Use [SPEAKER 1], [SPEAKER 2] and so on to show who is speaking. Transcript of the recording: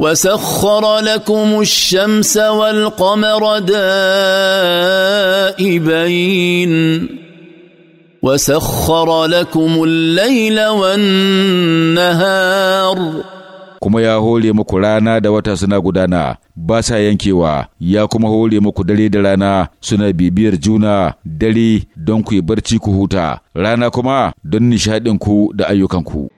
[SPEAKER 1] وسخر لكم الشمس والقمر دائبين وسخر لكم الليل والنهار
[SPEAKER 2] kuma ya hore muku rana da wata suna gudana ba sa yankewa ya kuma hore muku dare da rana suna bibiyar juna dare don ku yi barci ku huta rana kuma don
[SPEAKER 3] nishaɗinku da ayyukanku